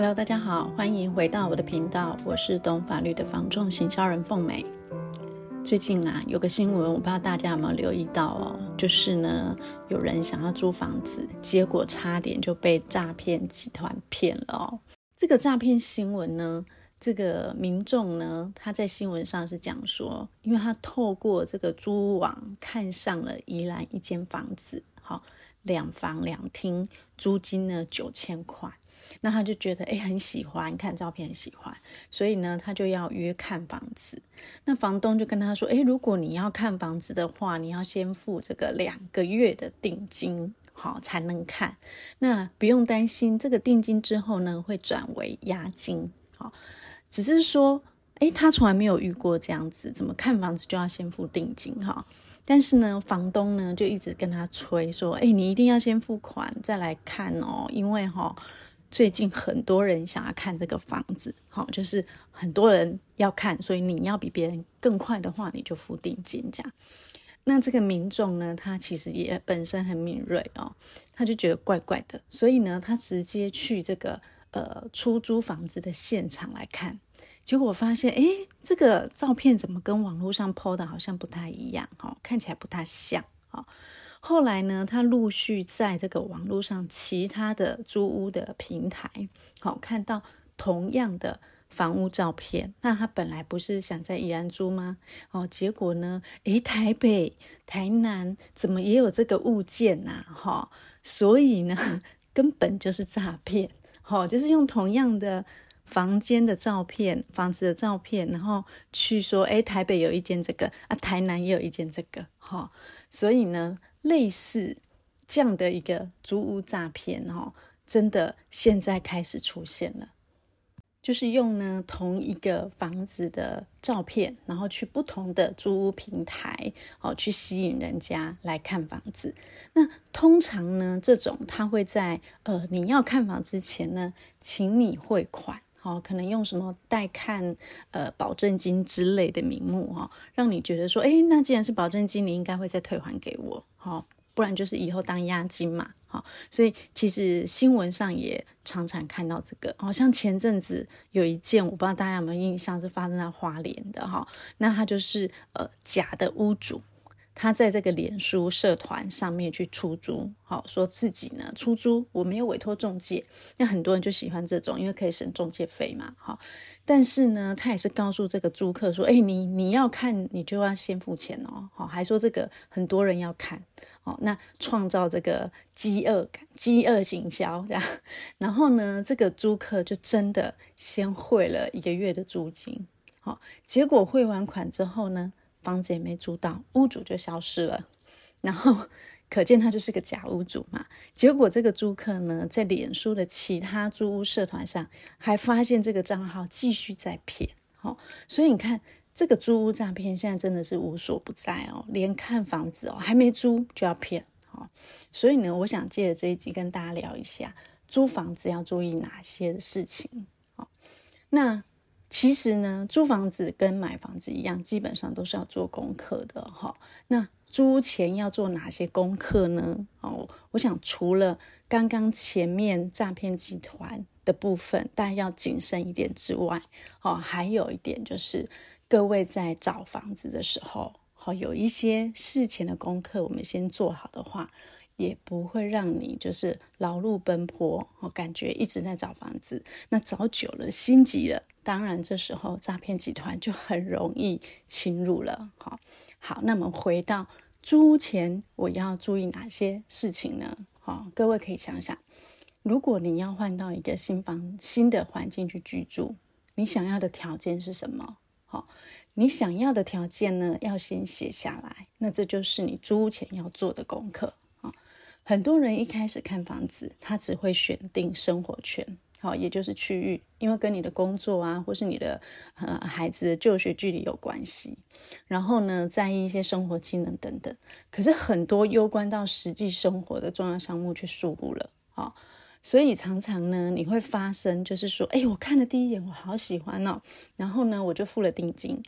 Hello，大家好，歡迎回到我的頻道，我是懂法律的房仲行銷人鳳梅。最近啊，有個新聞，我不知道大家有沒有留意到哦，就是呢，有人想要租房子，結果差點就被詐騙集團騙了哦。這個詐騙新聞呢，這個民眾呢，他在新聞上是講說，因為他透過這個租網看上了宜蘭一間房子，好，兩房兩廳，租金呢九千塊。那他就覺得哎、欸、很喜歡看照片，很喜歡，所以呢，他就要約看房子。那房東就跟他說，哎、欸，如果你要看房子的話，你要先付這個兩個月的定金，好，才能看。那不用擔心，這個定金之後呢，會轉為押金，好。只是說，哎、欸，他從來沒有遇過這樣子，怎麼看房子就要先付定金哈。但是呢，房東呢就一直跟他催說，哎、欸，你一定要先付款再來看哦，因為齁。最近很多人想要看這個房子、哦，就是很多人要看，所以你要比別人更快的話，你就付定金這樣。那這個民眾呢，他其實也本身很敏銳哦，他就覺得怪怪的，所以呢，他直接去這個呃出租房子的現場來看，結果發現，哎，這個照片怎麼跟網絡上 PO 的好像不太一樣，好、哦，看起來不太像啊。哦後來呢，他陸續在這個網絡上其他的租屋的平台，好、哦、看到同樣的房屋照片。那他本來不是想在宜蘭租嗎？哦，結果呢，誒，台北、台南怎麼也有這個物件吶、啊？哈、哦，所以呢，根本就是詐騙。哈、哦，就是用同樣的房間的照片、房子的照片，然後去說，誒，台北有一間這個啊，台南也有一間這個。哈、哦，所以呢。類似這樣的一個租屋詐騙，哦，真的現在開始出現了。就是用呢同一個房子的照片，然後去不同的租屋平台，哦，去吸引人家來看房子。那通常呢，這種他會在呃你要看房之前呢，請你匯款。哦，可能用什麼帶看、呃保證金之類的名目哈、哦，讓你覺得說，誒，那既然是保證金，你應該會再退還給我哈、哦，不然就是以後當押金嘛哈、哦。所以其實新聞上也常常看到這個，好、哦、像前陣子有一件，我不知道大家有沒有印象，是發生在花蓮的哈、哦，那他就是呃假的屋主。他在這個臉書社團上面去出租，好說自己呢出租，我沒有委托中介。那很多人就喜歡這種，因為可以省中介費嘛，但是呢，他也是告訴這個租客說：“哎、欸，你你要看，你就要先付錢哦。”好，還說這個很多人要看，那創造這個飢餓感，飢餓行銷這樣。然後呢，這個租客就真的先匯了一個月的租金，好。結果匯完款之後呢？房子也沒租到，屋主就消失了，然後可見他就是個假屋主嘛。結果這個租客呢，在臉書的其他租屋社團上，還發現這個賬號繼續在騙。哦、所以你看這個租屋詐騙現在真的是無所不在哦，連看房子哦還沒租就要騙。好、哦，所以呢，我想借着這一集跟大家聊一下租房子要注意哪些事情。好、哦，那。其實呢，租房子跟買房子一樣，基本上都是要做功課的哈。那租前要做哪些功課呢？哦，我想除了剛剛前面詐騙集團的部分，大家要謹慎一點之外，哦，還有一點就是，各位在找房子的時候，哦，有一些事前的功課我們先做好的話，也不會讓你就是勞碌奔波哦，感覺一直在找房子，那找久了心急了。當然，這時候詐騙集團就很容易侵入了。好，好，那麼回到租屋前，我要注意哪些事情呢？好，各位可以想想，如果你要換到一個新房、新的環境去居住，你想要的條件是什麼？好，你想要的條件呢，要先寫下來。那這就是你租前要做的功課啊。很多人一開始看房子，他只會選定生活圈。好，也就是區域，因為跟你的工作啊，或是你的呃孩子的就學距離有關係。然後呢，在意一些生活技能等等。可是很多攸關到實際生活的重要項目卻疏忽了哦。所以你常常呢，你會發生就是說，哎、欸，我看了第一眼，我好喜歡哦。然後呢，我就付了定金。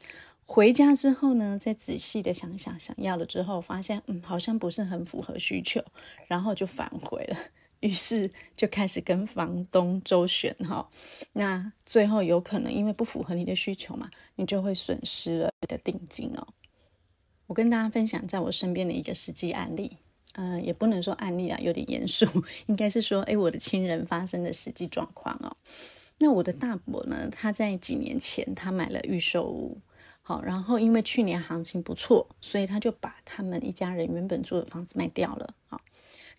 回家之後呢，再仔細的想想，想要了之後，發現嗯，好像不是很符合需求，然後就返回了。於是就開始跟房東周旋哈，那最後有可能因為不符合你的需求嘛，你就會損失了你的定金哦。我跟大家分享在我身邊的一個實際案例，嗯、呃，也不能說案例啊，有點嚴肅，應該是說，哎，我的親人發生的實際狀況哦。那我的大伯呢，他在幾年前他買了預售屋，好，然後因為去年行情不錯，所以他就把他們一家人原本住的房子賣掉了啊。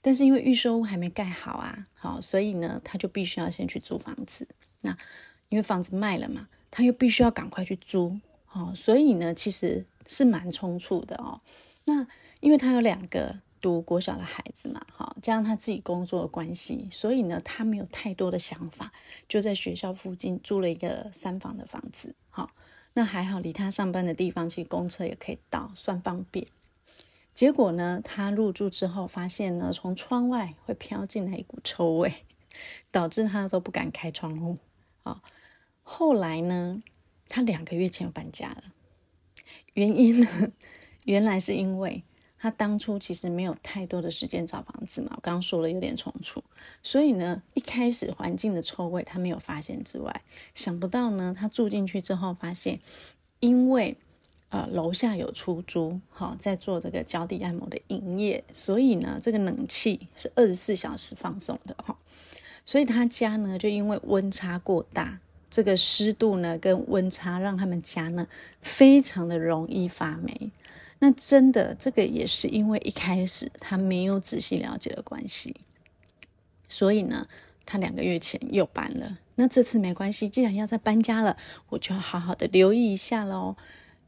但是因為預售屋還沒蓋好啊，好、哦，所以呢，他就必須要先去租房子。那因為房子賣了嘛，他又必須要趕快去租，哦、所以呢，其實是蠻匆促的哦。那因為他有兩個讀國小的孩子嘛，好、哦，加上他自己工作的關係，所以呢，他沒有太多的想法，就在學校附近租了一個三房的房子，好、哦，那還好離他上班的地方其實公車也可以到，算方便。結果呢，他入住之後發現呢，從窗外會飄進來一股臭味，導致他都不敢開窗戶。啊、哦，後來呢，他兩個月前搬家了，原因呢，原來是因為他當初其實沒有太多的時間找房子嘛，我剛剛說了有點匆促，所以呢，一開始環境的臭味他沒有發現之外，想不到呢，他住進去之後發現，因為。呃，樓下有出租，哈、哦，在做這個腳底按摩的營業，所以呢，這個冷氣是二十四小時放送的，哈、哦，所以他家呢就因為溫差過大，這個濕度呢跟溫差讓他們家呢非常的容易發霉。那真的，這個也是因為一開始他沒有仔細了解的關係，所以呢，他兩個月前又搬了。那這次沒關係，既然要再搬家了，我就要好好的留意一下嘍。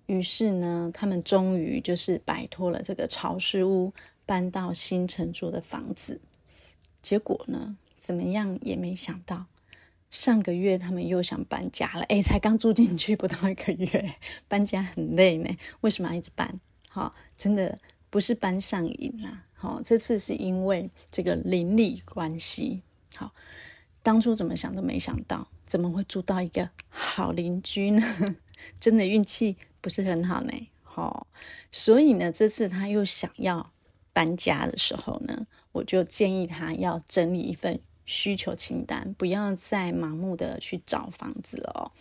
於是呢，他們終於就是擺脫了這個潮濕屋，搬到新承租的房子。結果呢，怎麼樣也沒想到，上個月他們又想搬家了。哎，才剛住進去不到一個月，搬家很累呢。為什麼要一直搬，哦？真的不是搬上癮啦、啊。好，哦，這次是因為這個鄰里關係。好，哦，當初怎麼想都沒想到，怎麼會住到一個好鄰居呢？真的運氣不是很好呢，好、哦，所以呢，這次他又想要搬家的時候呢，我就建議他要整理一份需求清單，不要再盲目的去找房子了哦。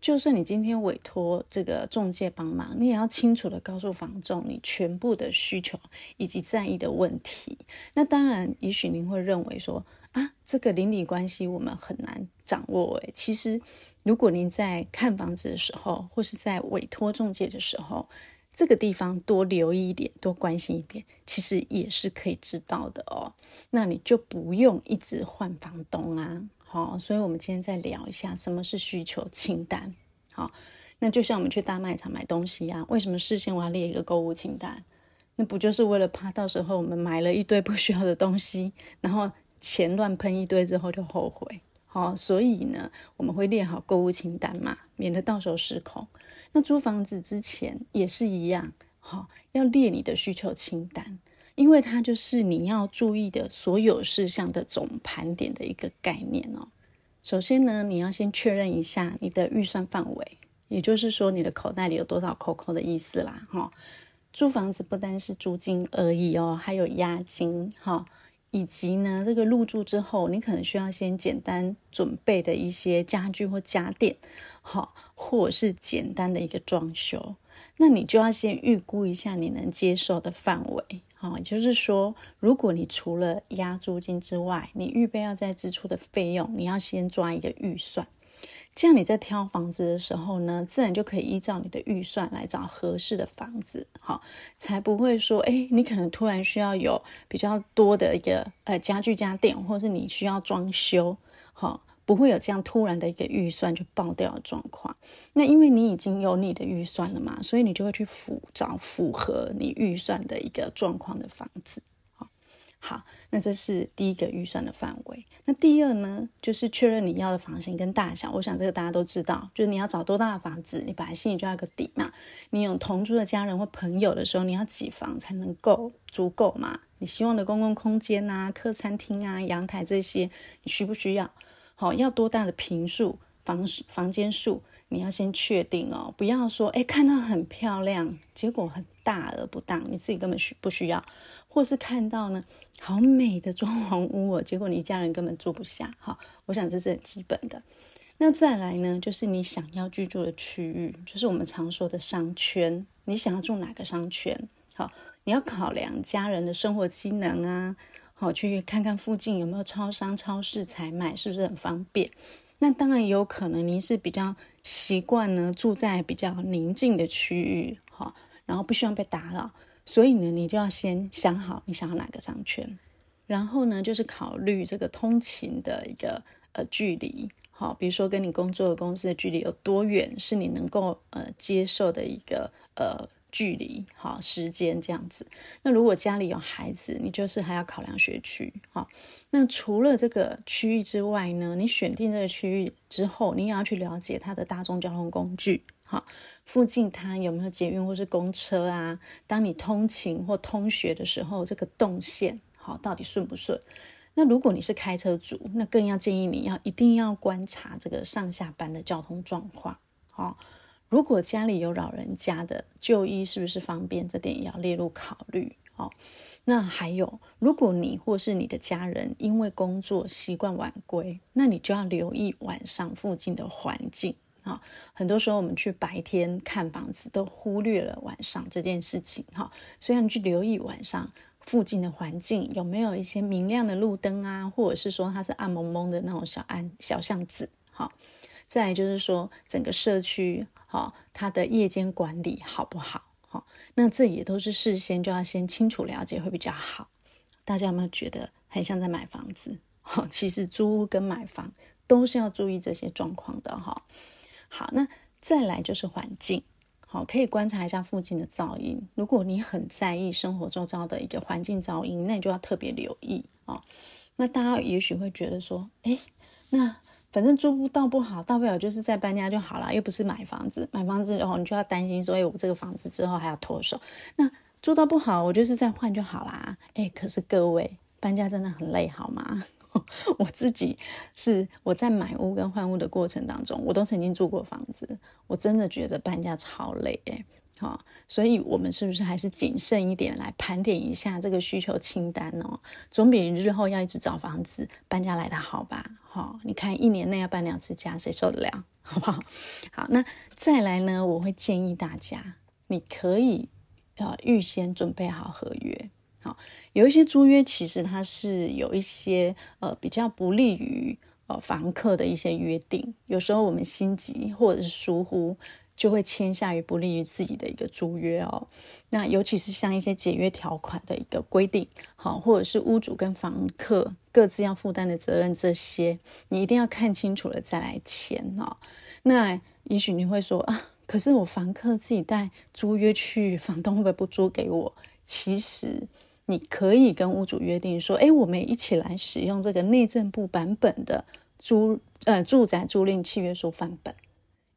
就算你今天委托這個中介幫忙，你也要清楚的告訴房仲你全部的需求以及在意的問題。那當然，也許您會認為說。啊，這個鄰里關係我們很難掌握誒，其實，如果您在看房子的時候，或是在委托仲介的時候，這個地方多留意一點，多關心一點，其實也是可以知道的哦。那你就不用一直換房東啊。好，所以我們今天再聊一下什麼是需求清單。好，那就像我們去大賣場買東西啊，為什麼事先我要列一個購物清單？那不就是為了怕到時候我們買了一堆不需要的東西，然後。錢亂噴一堆之後就後悔，哦，所以呢，我們會列好購物清單嘛，免得到時候失控。那租房子之前也是一樣，哦，要列你的需求清單，因為它就是你要注意的所有事項的總盤點的一個概念，哦。首先呢，你要先確認一下你的預算範圍，也就是說你的口袋裡有多少扣扣的意思啦，哦，租房子不單是租金而已，哦，還有押金，哦以及呢，這個入住之後，你可能需要先簡單準備的一些家具或家電，好，或者是簡單的一個裝修，那你就要先預估一下你能接受的範圍，好，也就是說，如果你除了押租金之外，你預備要再支出的費用，你要先抓一個預算。這樣你在挑房子的時候呢，自然就可以依照你的預算來找合適的房子，哈，才不會說，哎、欸，你可能突然需要有比較多的一個呃家具家電，或者是你需要裝修，哈，不會有這樣突然的一個預算就爆掉的狀況。那因為你已經有你的預算了嘛，所以你就會去找符合你預算的一個狀況的房子。好，那這是第一個預算的範圍。那第二呢，就是確認你要的房型跟大小。我想這個大家都知道，就是你要找多大的房子，你本來心裡就要有個底嘛。你有同住的家人或朋友的時候，你要幾房才能夠足夠嘛？你希望的公共空間啊，客餐廳啊，陽台這些，你需不需要？好、哦，要多大的坪數房房間數？你要先確定哦，不要說誒，看到很漂亮，結果很大而不當你自己根本不需要，或是看到呢，好美的裝潢屋哦，結果你家人根本住不下。好，我想這是很基本的。那再來呢，就是你想要居住的區域，就是我們常說的商圈，你想要住哪個商圈？好，你要考量家人的生活機能啊，好，去看看附近有沒有超商、超市採買是不是很方便？那當然也有可能您是比較。習慣呢住在比較寧靜的區域哈，然後不希望被打擾，所以呢你就要先想好你想要哪個商圈，然後呢就是考慮這個通勤的一個呃距離哈、哦，比如說跟你工作的公司的距離有多遠是你能夠呃接受的一個呃。距離好，時間這樣子。那如果家裡有孩子，你就是還要考量學區。好，那除了這個區域之外呢，你選定這個區域之後，你也要去了解它的大眾交通工具好，附近它有沒有捷運或是公車啊？當你通勤或通學的時候，這個動線好，到底順不順？那如果你是開車族，那更要建議你要一定要觀察這個上下班的交通狀況好。如果家裡有老人家的就醫是不是方便？這點也要列入考慮哦。那還有，如果你或是你的家人因為工作習慣晚歸，那你就要留意晚上附近的環境。很多時候我們去白天看房子都忽略了晚上這件事情哈。所以要你去留意晚上附近的環境有沒有一些明亮的路燈啊，或者是說它是暗濛濛的那種小暗小巷子哈。再來就是說整個社區。好、哦，它的夜間管理好不好、哦？那這也都是事先就要先清楚了解，會比較好。大家有沒有覺得很像在買房子？好、哦，其實租屋跟買房都是要注意這些狀況的。哈、哦，好，那再來就是環境，好、哦，可以觀察一下附近的噪音。如果你很在意生活周遭的一個環境噪音，那你就要特別留意哦，那大家也許會覺得說，哎，那。反正租不到不好，大不了就是再搬家就好了，又不是買房子，買房子然後、哦、你就要擔心說，所、欸、以我這個房子之後還要脫手。那租到不好，我就是再換就好啦。哎、欸，可是各位，搬家真的很累，好嗎？ 我自己是我在買屋跟換屋的過程當中，我都曾經住過房子，我真的覺得搬家超累誒、欸哦、所以我們是不是還是謹慎一點來盤點一下這個需求清單哦，總比日後要一直找房子搬家來的好吧、哦？你看一年內要搬兩次家，誰受得了？好不好？好，那再來呢？我會建議大家，你可以呃預先準備好合約。好、哦，有一些租約其實它是有一些呃比較不利於呃房客的一些約定，有時候我們心急或者是疏忽。就會傾向於不利於自己的一個租約哦。那尤其是像一些解約條款的一個規定，好，或者是屋主跟房客各自要負擔的責任這些，你一定要看清楚了再來簽哦。那也許你會說啊，可是我房客自己帶租約去，房東會不會不租給我？其實你可以跟屋主約定說，哎，我們一起來使用這個內政部版本的租呃住宅租賃契,契約書範本。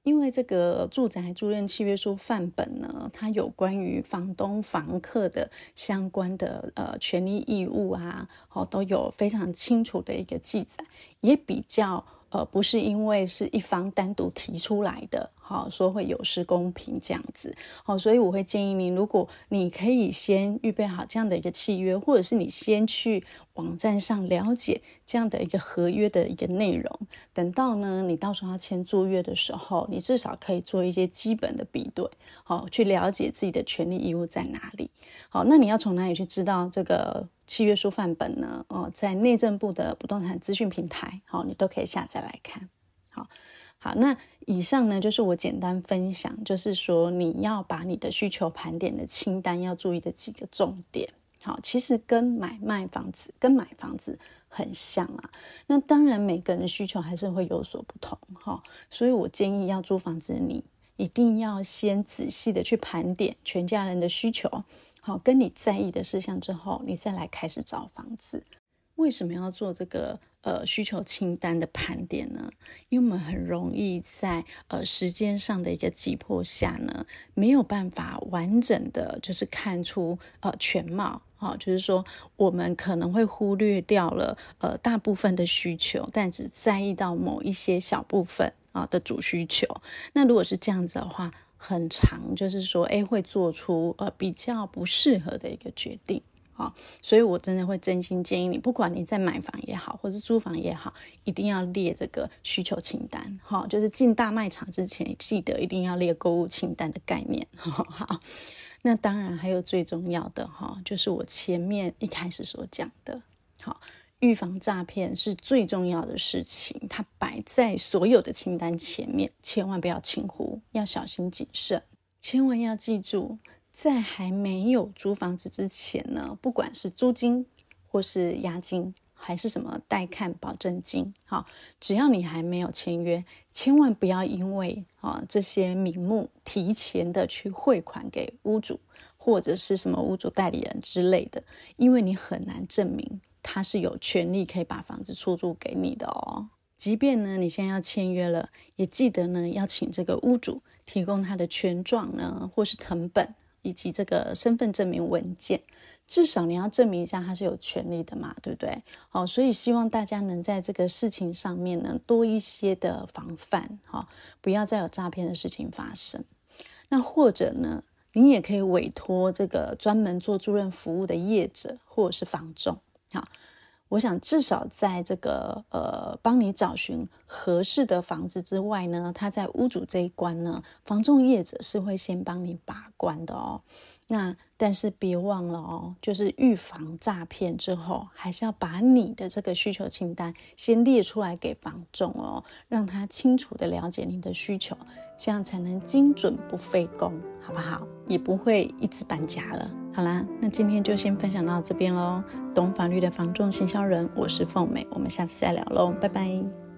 因為這個住宅租賃契約書範本呢，它有關於房東、房客的相關的呃權利義務啊，哦，都有非常清楚的一個記載，也比較呃不是因為是一方單獨提出來的。好說會有失公平這樣子，好，所以我會建議你，如果你可以先預備好這樣的一個契約，或者是你先去網站上了解這樣的一個合約的一個內容，等到呢你到時候要簽租約的時候，你至少可以做一些基本的比對，好，去了解自己的權利義務在哪裡。好，那你要從哪裡去知道這個契約書範本呢？哦，在內政部的不動產資訊平台，好，你都可以下載來看，好。好，那以上呢就是我簡單分享，就是說你要把你的需求盤點的清單要注意的幾個重點。好，其實跟買賣房子、跟買房子很像啊。那當然每個人的需求還是會有所不同哈，所以我建議要租房子，你一定要先仔細的去盤點全家人的需求，好，跟你在意的事項之後，你再來開始找房子。為什麼要做這個呃需求清單的盤點呢？因為我們很容易在呃時間上的一個急迫下呢，沒有辦法完整的就是看出呃全貌啊、哦，就是說我們可能會忽略掉了呃大部分的需求，但只在意到某一些小部分啊、哦的主需求。那如果是這樣子的話，很常，就是說，哎，會做出呃比較不適合的一個決定。所以，我真的會真心建議你，不管你在買房也好，或是租房也好，一定要列這個需求清單。哈、哦，就是進大賣場之前，記得一定要列購物清單的概念。哦、那當然還有最重要的哈、哦，就是我前面一開始所講的，好、哦，預防詐騙是最重要的事情，它擺在所有的清單前面，千萬不要輕忽，要小心謹慎，千萬要記住。在還沒有租房子之前呢，不管是租金，或是押金，還是什麼帶看保證金，好，只要你還沒有簽約，千萬不要因為啊這些名目提前的去匯款給屋主或者是什麼屋主代理人之類的，因為你很難證明他是有權利可以把房子出租給你的哦。即便呢你現在要簽約了，也記得呢要請這個屋主提供他的權狀呢，或是謄本，以及這個身份證明文件，至少你要證明一下他是有權利的嘛，對不對？好、哦，所以希望大家能在這個事情上面呢多一些的防範，哈、哦，不要再有詐騙的事情發生。那或者呢，您也可以委託這個專門做租賃服務的業者或者是房仲，哈、哦。我想至少在這個呃幫你找尋合適的房子之外呢，他在屋主這一關呢，房仲業者是會先幫你把關的哦。那但是別忘了哦，就是預防詐騙之後，還是要把你的這個需求清單先列出來給房仲哦，讓他清楚地了解你的需求。這樣才能精準不費工，好不好？也不會一直搬家了。好啦，那今天就先分享到這邊嘍。懂法律的房仲行銷人，我是鳳美，我們下次再聊嘍，拜拜。